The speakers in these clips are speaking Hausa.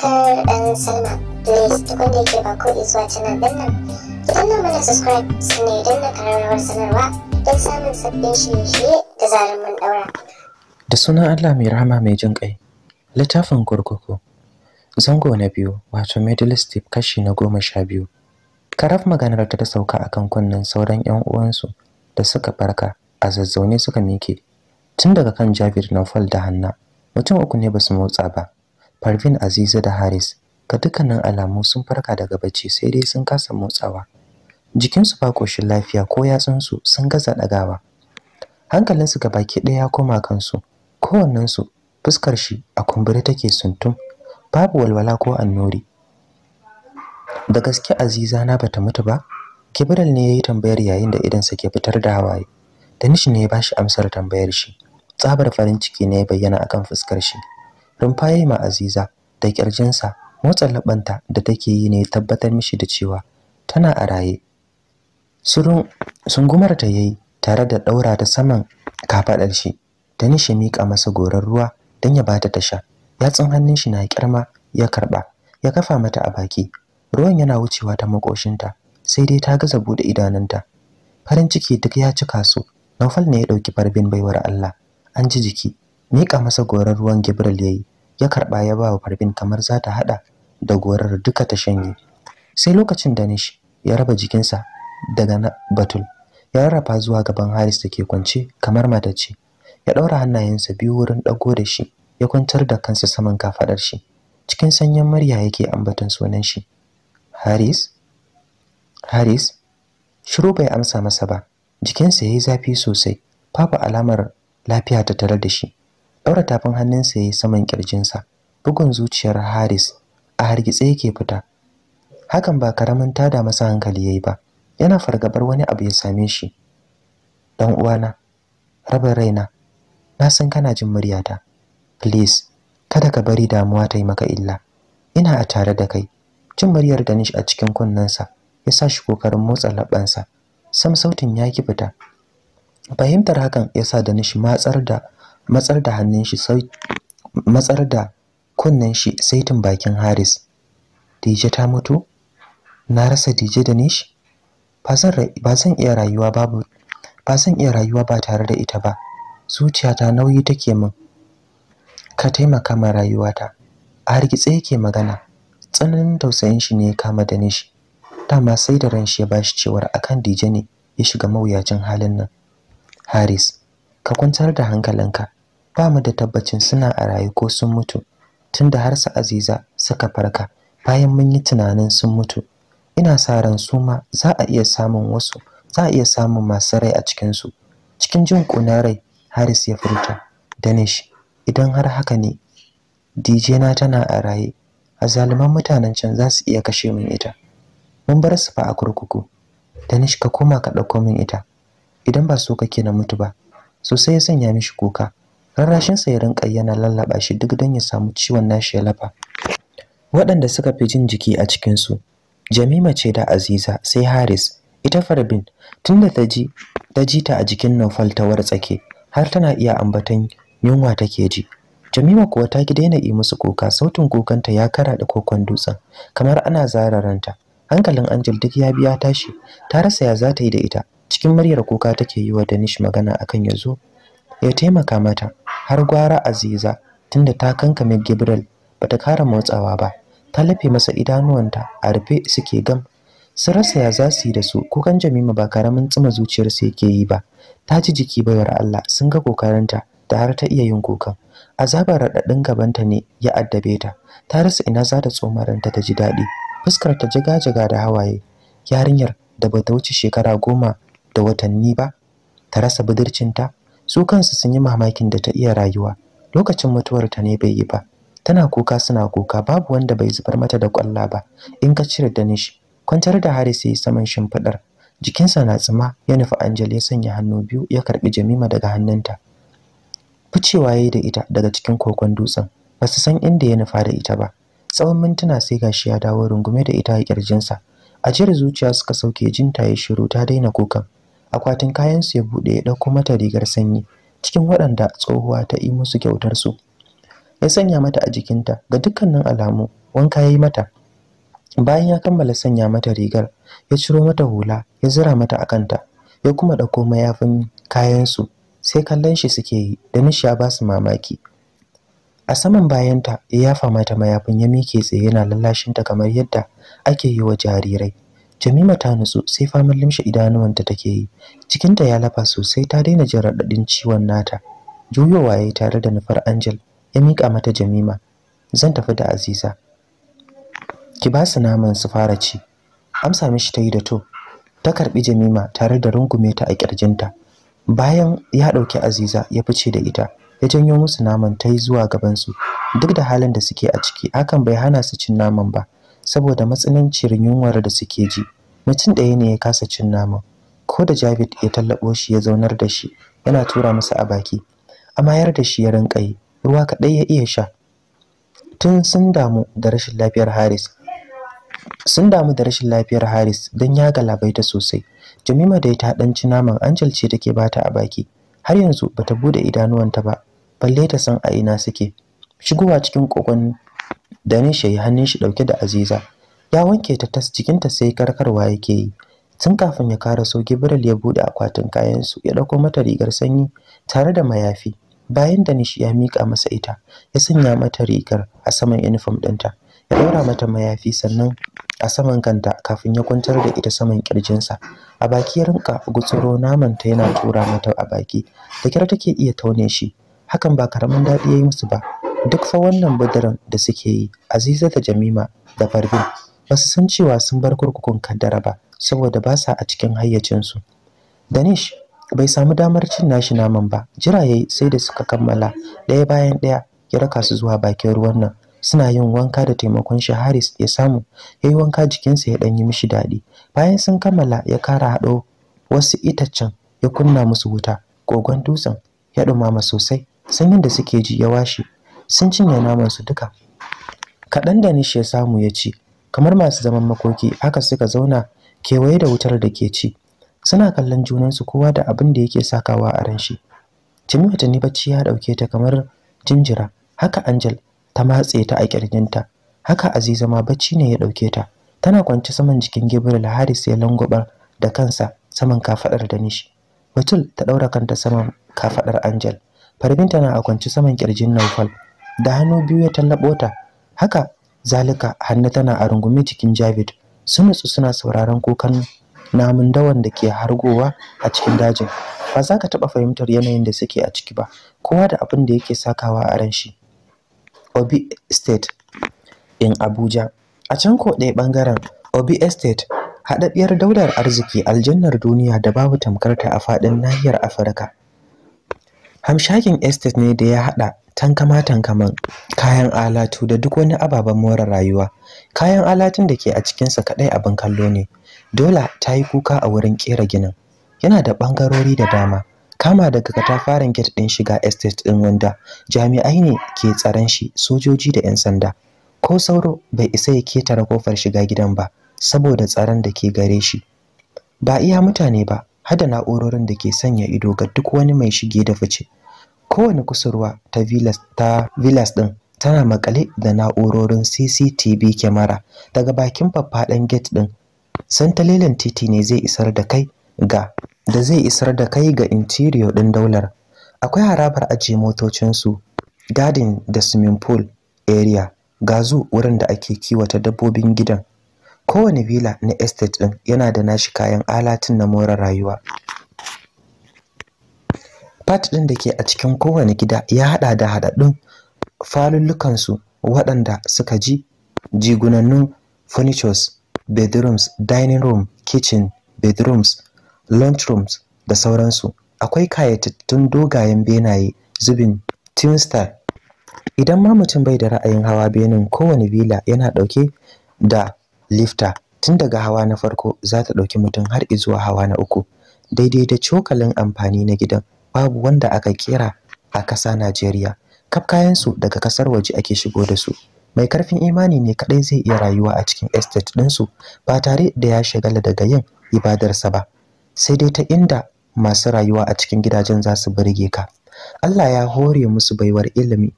subscribe and sign up. Please tukun da yake ba ko zuwa canal din nan. Ki danna mana subscribe sannan idan na kararrawar sanarwa don samun sabbin shirye-shirye da zarar mun daura. Da sunan Allah mai rahama mai jin ƙai. Littafin kurkuku. Zango na biyu wato middle step kashi na goma sha biyu. Karaf maganar ta sauka akan kunnen sauran 'yan uwansu da suka farka a zazzaune suka mike tun daga kan Jabir Nawfal da Hanna mutum uku ne ba su motsa ba Parvin Aziza da Haris ga dukkanin alamu sun farka daga bacci sai dai sun kasa motsawa. Jikinsu ba koshin lafiya ko yatsunsu sun gaza ɗagawa. Hankalinsu ga baki ɗaya ya koma kansu. Kowannensu fuskar shi a kumbure take suntum. Babu walwala ko annori. Da gaske Aziza na bata mutu ba? Kibiral ne ya yi tambayar yayin da idansa ke fitar da hawaye. Danish ne ya bashi amsar tambayar shi. Tsabar farin ciki ne ya bayyana akan fuskar shi. rumfaye ma Aziza da kirjinsa motsa labanta da take yi ne tabbatar mishi da cewa tana a raye sungumar ta yayi tare da daura da saman kafadar shi ta nishi mika masa goran ruwa dan ya bata tasha. sha tsin hannun shi na kirma ya karba ya kafa mata a baki ruwan yana wucewa ta makoshinta sai dai ta gaza bude idanunta farin ciki duk ya cika su Naufal ne ya dauki farbin baiwar Allah an ji jiki Mika masa gorar ruwan Gabriel yayi ya karba ya ba wa Farbin kamar za ta hada da gorar duka ta shanye sai lokacin da Nish ya raba jikinsa daga na Batul ya rarrafa zuwa gaban Haris da ke kwance kamar matace, ya ɗaura hannayensa biyu wurin dago da shi ya kwantar da kansa saman kafaɗar shi cikin sanyin murya yake ambaton sunan shi Haris Haris shiru bai amsa masa ba jikinsa yayi zafi sosai babu alamar lafiya ta tare da shi daura tafin hannunsa ya yi saman kirjinsa Bugun zuciyar Haris a hargitse yake fita. Hakan ba karamin tada masa hankali ya yi ba. Yana fargabar wani abu ya same shi. Dan uwana, rabin raina, na san kana jin muryata. Please, kada ka bari damuwa ta yi maka illa. Ina a tare da kai. Jin muryar Danish a cikin kunnensa ya sa shi kokarin motsa labansa. Sam sautin ya ki fita. Fahimtar hakan ya sa Danish matsar da matsar da hannun shi sai matsar da kunnen shi sai saitin bakin Haris Dije ta mutu na rasa Dije da nishi ba zan ba zan iya rayuwa babu ba zan iya rayuwa ba tare da ita ba zuciyata nauyi take min ka taimaka ma rayuwata a hargitse yake magana tsananin tausayin shi ne kama da nishi dama sai da ran shi ya bashi cewar akan Dije ne ya shiga mawuyacin halin nan Haris ka kwantar da hankalinka ba mu da tabbacin suna a raye ko sun mutu tunda har su Aziza suka farka bayan mun yi tunanin sun mutu ina sa ran su ma za a iya samun wasu za a iya samun masu rai a cikin su cikin jin kunar rai Haris ya furta Danish idan har haka ne DJ na tana a raye azaliman mutanen can za su iya kashe min ita mun bar su fa a kurkuku Danish ka koma ka ɗauko min ita idan ba so kake na mutu ba Sosai ya sanya mishi kuka sa ya rinka yana lallaba shi duk don ya samu ciwon nashi ya lafa waɗanda suka fi jin jiki a cikin su jamima ce da aziza sai haris ita farbin tunda ta ji ta ji ta a jikin nufal ta wartsake har tana iya ambatan yunwa take ji jamima kuwa ta ki daina yi musu kuka sautin kukanta ya kara da kokon dutsen kamar ana zararanta hankalin angel duk ya biya tashi ta rasa ya za ta yi da ita cikin muryar kuka take yi wa danish magana akan ya zo ya taimaka mata har gwara aziza tunda ta kankame Ba bata kara motsawa ba ta lafe masa idanuwanta a rufe suke gam su rasa ya za su yi da su kukan Jamima ba karamin tsima zuciyar su yake yi ba ta ji jiki bayar Allah sun ga kokarinta da har ta iya yin kukan azabar raɗaɗin gabanta ne ya addabe ta ta rasa ina za ta tsomaranta ta ji daɗi fuskar ta jiga-jiga da hawaye yarinyar da bata wuce shekara goma da watanni ba ta rasa budurcinta su kansu sun yi mamakin da ta iya rayuwa lokacin mutuwar ta ne bai yi ba tana kuka suna kuka babu wanda bai zubar mata da kwalla ba in ka cire da nishi kwantar da Haris yayi saman shimfiɗar. jikinsa na tsima ya nufi Angel ya sanya hannu biyu ya karɓi Jamima daga hannunta ficewa yayi da ita daga cikin kokon dutsen ba su san inda ya nufa da ita ba tsawon mintuna sai gashi ya dawo rungume da ita a kirjinsa ajiyar zuciya suka sauke jinta ya shiru ta daina kukan akwatin kayansu ya buɗe ya ɗauko mata rigar sanyi cikin waɗanda tsohuwa ta yi musu kyautar su ya sanya mata a jikinta ga dukkanin alamu wanka yayi mata bayan ya kammala sanya mata rigar ya ciro mata hula ya zira mata a kanta ya kuma ɗauko mayafin kayansu, sai kallon shi suke yi da nishiya ba su mamaki a saman bayanta ya yafa mata mayafin ya mike tsaye yana lallashinta kamar yadda ake yi wa jarirai Jamima ta nutsu sai famar limshe idanuwanta take yi. Cikinta ya lafa sosai ta daina jin raɗaɗin ciwon nata. Juyowa ya tare da nufar Angel ya mika mata Jamima. Zan tafi da Aziza. Ki ba su naman su fara ci. Amsa mishi ta yi da to. Ta karɓi Jamima tare da rungume ta a ƙirjinta. Bayan ya ɗauki Aziza ya fice da ita. ya janyo musu naman ta yi zuwa gabansu duk da halin da suke a ciki hakan bai hana su cin naman ba saboda matsananciyar yunwar da suke ji mutum ɗaya ne ya kasa cin nama ko da Javid ya tallabo shi ya zaunar da shi yana tura masa a baki yar da shi ya rinka yi ruwa kaɗai ya iya sha tun sun damu da rashin lafiyar Haris sun damu da rashin lafiyar Haris don ya ta sosai Jamima da ta ɗanci naman Angel ce take bata a baki har yanzu bata bude idanuwanta ba balle ta san a ina suke shigowa cikin kokon da nisha ya hannun shi dauke da aziza ya wanke ta tas jikinta sai karkarwa yake yi tun kafin ya kara so gibril ya bude akwatin kayan su ya dauko mata rigar sanyi tare da mayafi bayan da nishi ya mika masa ita ya sanya mata rigar a saman uniform dinta ya daura mata mayafi sannan a saman kanta kafin ya kwantar da ita saman kirjinsa a baki ya rinka gutsuro naman ta yana tura mata a baki da kira take iya taune shi hakan ba karamin daɗi ya yi musu ba duk fa wannan budurin da suke yi aziza da jamima da farbin basu san cewa sun bar kurkukun kaddara ba saboda ba sa a cikin hayyacinsu danish bai samu damar cin nashi naman ba jira yayi sai da suka kammala ɗaya bayan ɗaya ya raka su zuwa bakin ruwan nan suna yin wanka da taimakon shi Haris ya samu ya yi wanka jikinsa ya ɗanyi mishi daɗi bayan sun kammala ya kara haɗo wasu itacen ya kunna musu wuta kogon dutsen ya ɗumama sosai sanyin da suke ji ya washe sun cinye naman su duka kaɗan da nishi ya samu ya ci kamar masu zaman makoki haka suka zauna kewaye da wutar da ke ci suna kallon junansu kowa da abin da yake sakawa a ran shi Jami'a ta bacci ya ɗauke ta kamar jinjira haka Angel ta matse ta a ta, haka Aziza ma bacci ne ya ɗauke ta tana kwance saman jikin Gabriel Haris ya langwaɓa da kansa saman kafadar nishi. Batul ta ɗaura kanta saman kafaɗar Angel Farbin tana a kwance saman kirjin Naufal da hannu biyu ya tallabo ta haka zalika hannu tana a rungume cikin Javid su suna sauraron kukan namun dawan da ke hargowa a cikin dajin ba za ka taɓa fahimtar yanayin da suke a ciki ba kowa da abin da yake sakawa a ran shi obi state in abuja a can ko ɗaya ɓangaren obi estate haɗaɗɗiyar daular arziki aljannar duniya da babu tamkarta a faɗin nahiyar afirka hamshakin estate ne da ya haɗa tankama tankaman kayan alatu da duk wani ababen more rayuwa kayan alatun da ke a cikinsa kaɗai abin kallo ne dola ta yi kuka a wurin ƙera ginin yana da ɓangarori da dama kama daga katafaren gate ɗin shiga estate ɗin wanda jami'ai ne ke tsaron shi sojoji da 'yan sanda ko sauro bai isa ya ketare kofar shiga gidan ba saboda tsaron da ke gare shi ba iya mutane ba hada na'urorin da ke sanya ido ga duk wani mai shige da fice kowane kusurwa ta villas ta villas din tana makale da na'urorin CCTV kyamara daga bakin faffaɗan gate din santalelen titi ne zai isar da kai ga da zai isar da kai ga interior din daular akwai harabar ajiye motocinsu garden da swimming pool area gazu wurin da ake kiwata dabbobin gidan kowane villa na estate ɗin yana da nashi kayan alatin na more rayuwa part ɗin da ke a cikin kowane gida ya haɗa da haɗaɗɗun falullukansu waɗanda suka ji jigunannun furnitures, bedrooms, dining room, kitchen, bedrooms, lunch rooms da sauransu. Akwai kayatattun dogayen benaye zubin twin star. Idan ma mutum bai da ra'ayin hawa benin kowane villa yana ɗauke da lifta tun daga hawa na farko za ta ɗauki mutum har izuwa hawa na uku daidai da cokalin amfani na gidan babu wanda aka kera a ƙasa Najeriya kaf kayansu daga ƙasar waje ake shigo da su mai karfin imani ne kaɗai zai iya rayuwa a cikin estate ɗinsu ba tare da ya shagala daga yin ibadarsa ba sai dai ta inda masu rayuwa a cikin gidajen za su burge ka Allah ya hore musu baiwar ilimi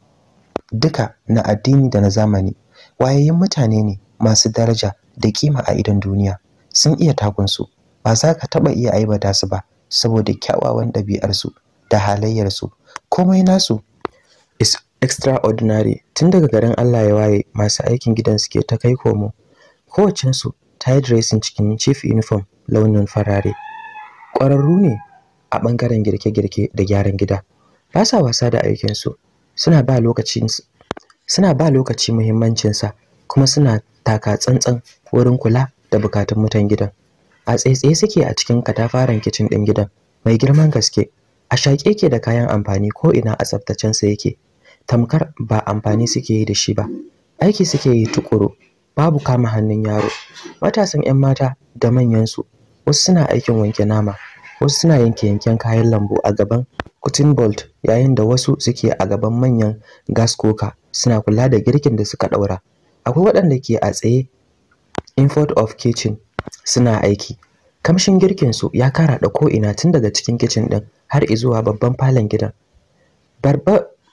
duka na addini da na zamani wayayyin mutane ne masu daraja da kima a idan duniya sun iya takunsu ba za ka taɓa iya aibata su ba saboda kyawawan ɗabi'arsu da halayyarsu komai nasu is extraordinary tun daga garin Allah ya waye masu aikin gidan suke ta kai komo kowace ta yi dressing cikin chief uniform launin farare ƙwararru ne a ɓangaren girke-girke da gyaran gida ba sa wasa da aikinsu suna ba suna ba lokaci muhimmancinsa kuma suna taka tsantsan wurin kula da bukatun mutan gidan a tsaitsaye suke a cikin katafaren kicin ɗin gidan mai girman gaske a shaƙe yake da kayan amfani ko ina a sa yake tamkar ba amfani suke yi da shi ba aiki suke yi tukuru babu kama hannun yaro matasan 'yan mata da manyansu wasu suna aikin wanke nama wasu suna yanke yanken kayan lambu a gaban kutin bolt yayin da wasu suke a gaban manyan gas cooker suna kula da girkin da suka ɗaura akwai waɗanda ke a tsaye in front of kitchen suna aiki kamshin girkin su ya kara karaɗa ko'ina tun daga cikin kicin ɗin har izuwa babban falon gidan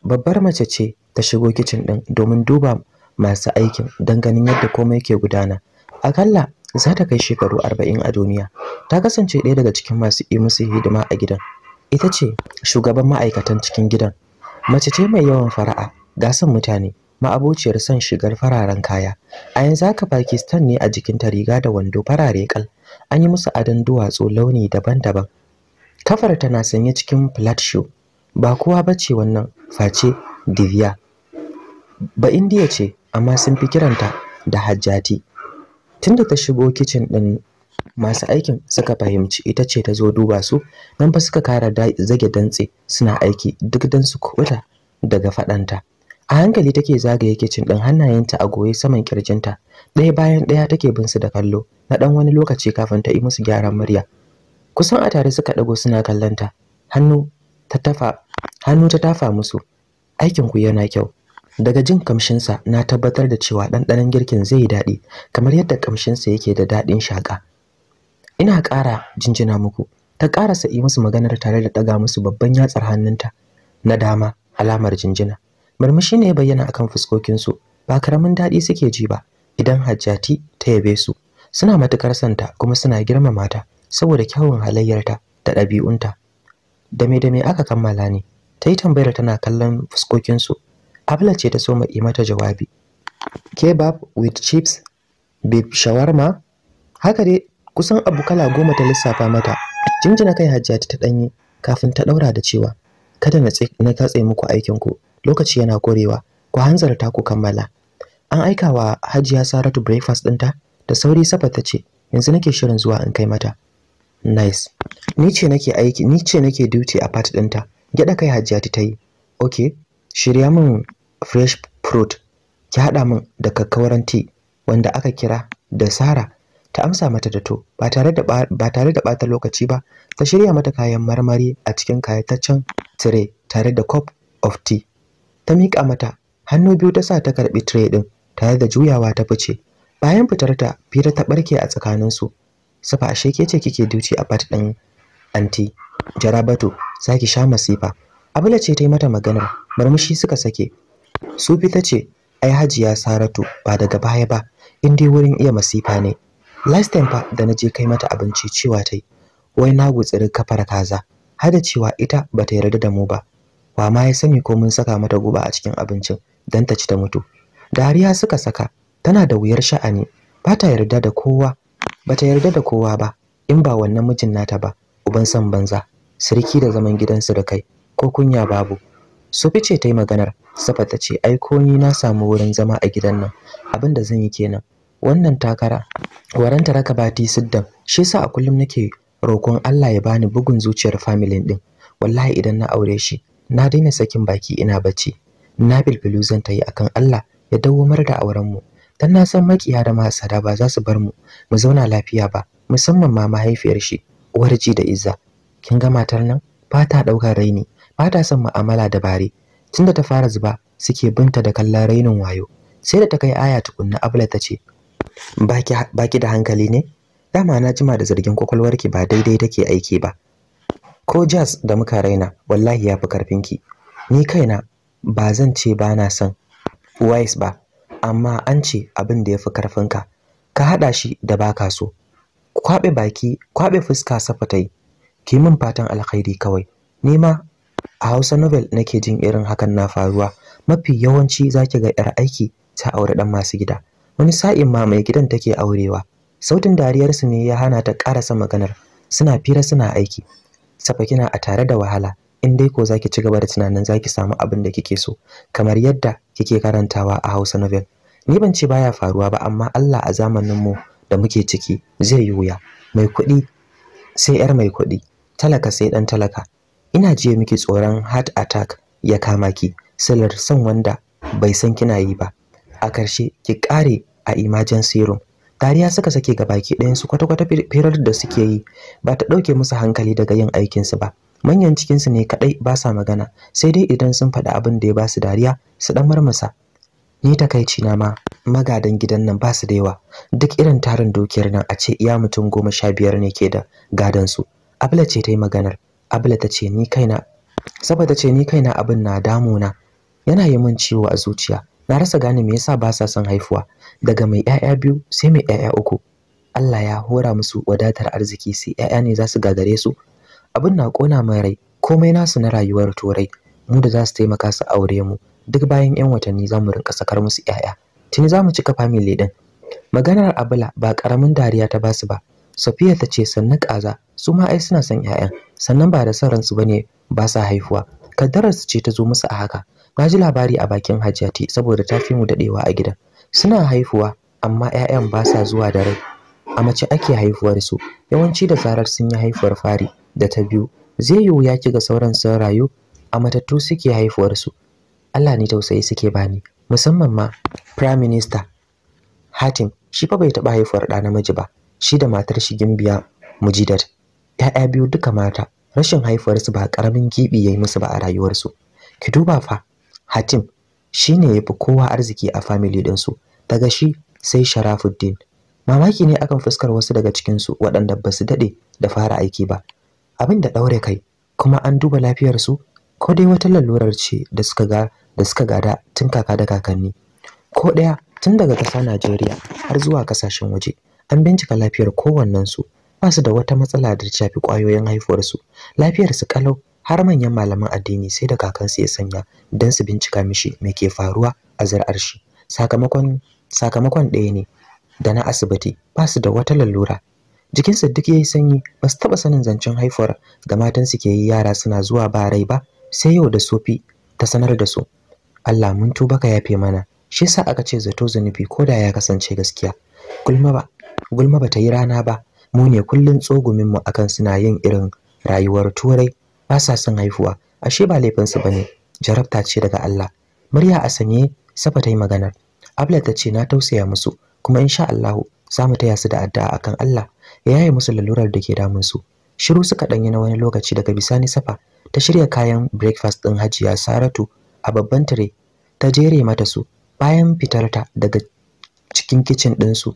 babbar mace ce ta shigo kicin ɗin domin duba masu aikin don ganin yadda komai ke gudana akalla za ta kai shekaru arba'in a duniya ta kasance ɗaya daga cikin masu yi musu hidima a gidan ita ce shugaban ma'aikatan cikin gidan mace ce mai yawan fara'a gasan mutane ma'abociyar son shigar fararen kaya a yanzu haka pakistan ne a jikin ta riga da wando farare kal an yi musu adon duwatsu launi daban-daban kafar na sanye cikin flat shoe ba kowa ba ce wannan face divya ba indiya ce amma sun fi kiranta da hajjati tunda ta shigo kicin din masu aikin suka fahimci ita ce ta zo duba su nan fa suka kara zage dantse suna aiki duk dan su kubuta daga fadanta a hankali take zagaye kicin ɗin hannayenta a goye saman kirjinta ɗaya bayan ɗaya take bin su da kallo na ɗan wani lokaci kafin ta yi musu gyaran murya kusan a tare suka dago suna kallonta hannu ta tafa hannu ta tafa musu aikinku yana kyau daga jin kamshinsa na tabbatar da cewa ɗanɗanon girkin zai yi daɗi kamar yadda kamshinsa yake da daɗin shaƙa ina ƙara jinjina muku ta ƙarasa yi musu maganar tare da ɗaga musu babban yatsar hannunta na dama alamar jinjina murmushi ne ya bayyana akan fuskokinsu ba karamin daɗi suke ji ba idan hajjati ta yabe su suna matukar santa kuma suna girmama ta saboda kyawun halayyarta da ɗabi'unta dame me aka kammala ne ta yi tambayar tana kallon fuskokinsu abla ce ta so ma mata jawabi kebab with chips beef shawarma haka dai kusan abu kala goma ta lissafa mata jinjina kai hajjati ta ɗanye kafin ta ɗaura da cewa kada na katse muku aikinku lokaci yana korewa ku hanzarta ku kammala an aika wa hajiya saratu breakfast ɗinta da sauri safa ta ce yanzu nake shirin zuwa in kai mata nice ni ce nake aiki ni ce nake duty a part ɗinta gyaɗa kai hajiya ta yi Ok, shirya min fresh fruit ki haɗa min da kakkawaran tea wanda aka kira da sara ta amsa mata da to ba tare da ba ɓata lokaci ba ta shirya mata kayan marmari a cikin kayataccen tire tare da cup of tea ta miƙa mata hannu biyu ta sa ta karɓi tire ɗin tare da juyawa ta fice bayan fitar ta fira ta ɓarke a tsakaninsu sufa ashe ke ce kike duci a bat ɗin anti jarabatu saki sha masifa abula ce ta yi mata maganar murmushi suka sake sufi ta ce ai hajiya saratu ba daga baya ba in dai wurin iya masifa ne last time fa da na je kai mata abinci cewa ta yi wai na gutsiri kafar kaza har cewa ita ba ta yarda da mu ba mama ya sani ko mun saka mata guba a cikin abincin don ta ci ta mutu dariya suka saka tana da wuyar sha'ani ba ta yarda da kowa ba ta yarda da kowa ba in ba wannan mijin nata ba uban san banza sirki da zaman gidansu da kai ko kunya babu su fice ta yi maganar safa ta ce ai ko ni na samu wurin zama a gidan nan abin da zan yi kenan wannan takara ta raka bati siddan shi yasa a kullum nake roƙon Allah ya bani bugun zuciyar familin din wallahi idan na aure shi na daina sakin baki ina bacci na bilbilu zan tayi akan Allah ya mar da auren mu dan na san makiya da masada ba za su bar mu mu zauna lafiya ba musamman ma mahaifiyar shi uwar da Izza kin ga matar nan ba ta raini ba ta son mu'amala da bare tunda ta fara zuba suke binta da kallon rainin wayo sai da ta kai aya tukunna abla ta ce baki baki da hankali ne dama na jima da zargin kwakwalwarki ba daidai take aiki ba ko jazz da muka raina wallahi ya fi ƙarfinki. ni kaina ba zan ce ba na son wise ba amma an ce abin da ya fi karfinka ka haɗa shi da baka so kwaɓe baki kwaɓe fuska safatai ki min fatan alkhairi kawai ni ma a hausa novel nake jin irin hakan na faruwa mafi yawanci zaki ga yar aiki ta aure ɗan masu gida wani sa'in ma mai gidan take aurewa sautin dariyarsu ne ya hana ta karasa maganar suna fira suna aiki Safa kina a tare da wahala in dai ko zaki ci gaba da tunanin zaki samu abin da kike so kamar yadda kike karantawa a Hausa novel ni ban ce baya faruwa ba amma Allah a zamanin mu da muke ciki zai yi wuya mai kuɗi sai yar mai kuɗi talaka sai dan talaka ina jiye miki tsoron heart attack ya kama ki silar son wanda bai san kina yi ba a karshe ki kare a emergency room dariya suka sake ga baki su kwata-kwata firar da suke yi ba ta ɗauke musu hankali daga yin aikin su ba manyan cikinsu ne kaɗai ba sa magana sai dai idan sun faɗi abin da ya ba su dariya su ɗan marmasa ni ta takaici na ma magadan gidan nan ba su da yawa duk irin tarin dukiyar nan a ce iya mutum goma sha biyar ne ke da gadon su abla ce ta yi maganar abla ta ce ni kaina saboda ce ni kaina abin na damuna yana yi min ciwo a zuciya na rasa gane me yasa ba sa son haifuwa daga mai ƴaƴa biyu sai mai ƴaƴa uku Allah ya hora musu wadatar arziki sai ƴaƴa ne za su gagare su abin na kona mai rai komai nasu na rayuwar turai mu da za su taimaka su aure mu duk bayan ƴan watanni za mu rinka sakar musu ƴaƴa tuni za mu cika family din maganar abula ba karamin dariya ta basu ba Safiya ta ce sannan kaza su ma ai suna son ƴaƴan sannan ba da son ransu bane ba sa haifuwa kaddarar su ce ta zo musu a haka Na ji labari a bakin Hajjati saboda ta fi mu daɗewa a gidan. Suna haifuwa amma 'ya'yan ba sa zuwa da rai. A mace ake haifuwar su, yawanci da zarar sun yi haifuwar fari da ta biyu. Zai yi wuya kiga sauran sun rayu a matattu suke haifuwar su. Allah ne tausayi suke bani, musamman ma Prime Minister Hatim shi fa bai taba haifuwar ɗa namiji ba, shi da matar shi Gimbiya Mujidat. 'Ya'ya biyu duka mata, rashin haifuwar su ba ƙaramin gibi yayi musu ba a rayuwar su. Ki duba fa, Hatim shi ne ya fi kowa arziki a family ɗinsu daga shi sai Sharafuddin mamaki ne akan fuskar wasu daga cikin su waɗanda ba su daɗe da fara aiki ba abin da ɗaure kai kuma an duba lafiyarsu ko dai wata lalurar ce da suka ga da suka gada tun kaka da kakanni ko ɗaya tun daga ƙasa Najeriya har zuwa kasashen waje an bincika lafiyar kowannensu ba su da wata matsala da shafi ƙwayoyin haifuwarsu su kalau har manyan malaman addini sai da kakansu ya sanya don su bincika mishi mai ke faruwa a zar'ar shi sakamakon sakamakon ɗaya ne da na asibiti ba su da wata lalura jikinsa duk yayi sanyi ba su taɓa sanin zancen haifar ga matan suke yi yara suna zuwa ba rai ba sai yau da sofi ta sanar da su Allah mun tuba ka yafe mana shi yasa aka ce zato zunubi ko da ya kasance gaskiya gulma ba gulma ba ta yi rana ba mu ne kullum tsogumin mu akan suna yin irin rayuwar turai ba sa son haihuwa ashe ba laifinsu ba ne jarabta ce daga Allah murya a sanye saba ta yi maganar abla ta ce na tausaya musu kuma insha Allah za mu taya su da addu'a akan Allah ya yaye musu lalurar da ke damun su shiru suka danyi na wani lokaci daga bisani safa ta shirya kayan breakfast din Hajiya Saratu a babban tire ta jere mata su bayan fitarta daga cikin kicin din su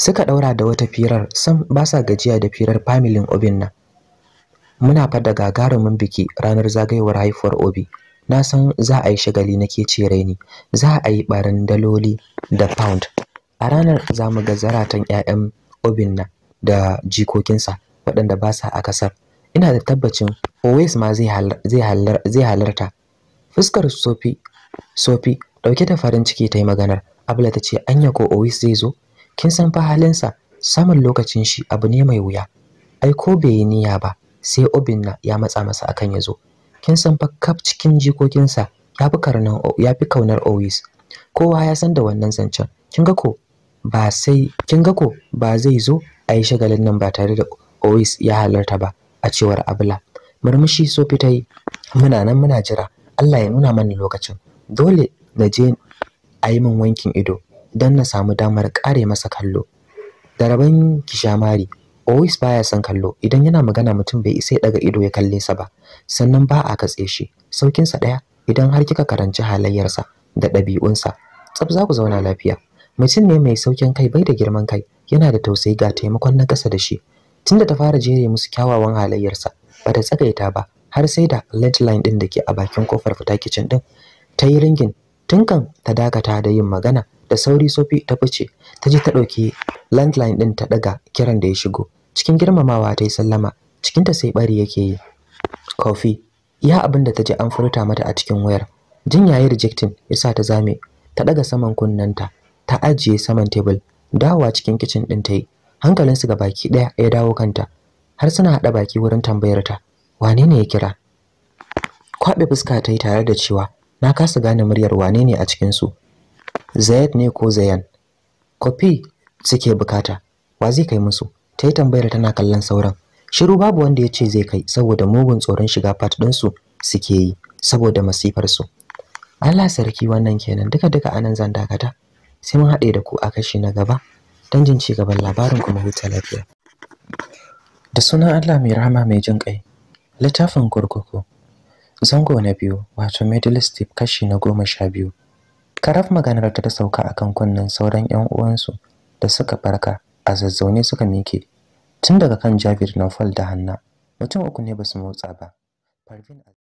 suka ɗaura da wata firar sam ba sa gajiya da firar familin Obin nan muna fa da gagarumin biki ranar zagayowar haifuwar obi na san za a yi shagali nake ce raini za a yi barin daloli da pound a ranar za mu ga zaratan 'ya'yan obin na da jikokinsa waɗanda ba sa a kasar ina da tabbacin always ma zai halarta fuskar sofi sofi dauke da farin ciki ta yi maganar abla ta ce anya ko always zai zo kin san fa halinsa samun lokacin shi abu ne mai wuya ai ko bai yi niyya ba sai obinna ya matsa masa akan ya zo kin san fa kaf cikin jikokinsa ya fi karnan ya fi kaunar always kowa ya san da wannan zancen kin ga ko ba sai kin ga ko ba zai zo a yi shagalin nan ba tare da Owis ya halarta ba a cewar abla murmushi so fita yi muna nan muna jira Allah ya nuna mana lokacin dole na je a yi min wankin ido don na samu damar kare masa kallo da kishamari Always baya son kallo idan yana magana mutum bai isa ya daga ido ya kalle sa ba sannan ba a katse shi saukinsa ɗaya idan har kika karanci halayyarsa da ɗabi'unsa tsaf za ku zauna lafiya mutum ne mai saukin kai bai da girman kai yana da tausayi ga taimakon na kasa da shi tunda ta fara jere musu kyawawan halayyarsa ba ta tsagaita ba har sai da landline line din da ke a bakin kofar fita kicin din ta yi ringin tunkan ta dakata da yin magana da sauri sofi ta fice ta ji ta ɗauki landline ɗin ta ɗaga kiran da ya shigo cikin girmamawa ta yi sallama cikinta sai bari yake yi kofi ya abin da ta ji an furta mata a cikin wayar jin yayi rejectin ya sa ta zame ta ɗaga saman kunnanta ta ajiye saman tebul dawowa cikin kicin ɗin ta yi su ga baki ɗaya ya dawo kanta har suna haɗa baki wurin tambayar ta wane ne ya kira kwaɓe fuska ta yi tare da cewa na kasa gane muryar wane ne a cikinsu Zayat ne ko zayan kofi suke bukata wa zai kai musu ta yi tambayar tana kallon sauran shiru babu wanda ya ce zai kai saboda mugun tsoron shiga fat ɗinsu suke yi saboda masifarsu Allah sarki wannan kenan duka duka anan zan dakata sai mun haɗe da ku a kashi na gaba don jin ci gaban labarin kuma huta lafiya da sunan Allah mai rahama mai jin kai littafin kurkuku zango na biyu wato middle step kashi na goma sha biyu karaf maganar ta sauka akan kunnen sauran 'yan uwansu da suka farka a zazzaune suka miƙe tun daga kan Jabir Naufal da Hanna mutum uku ne basu motsa ba a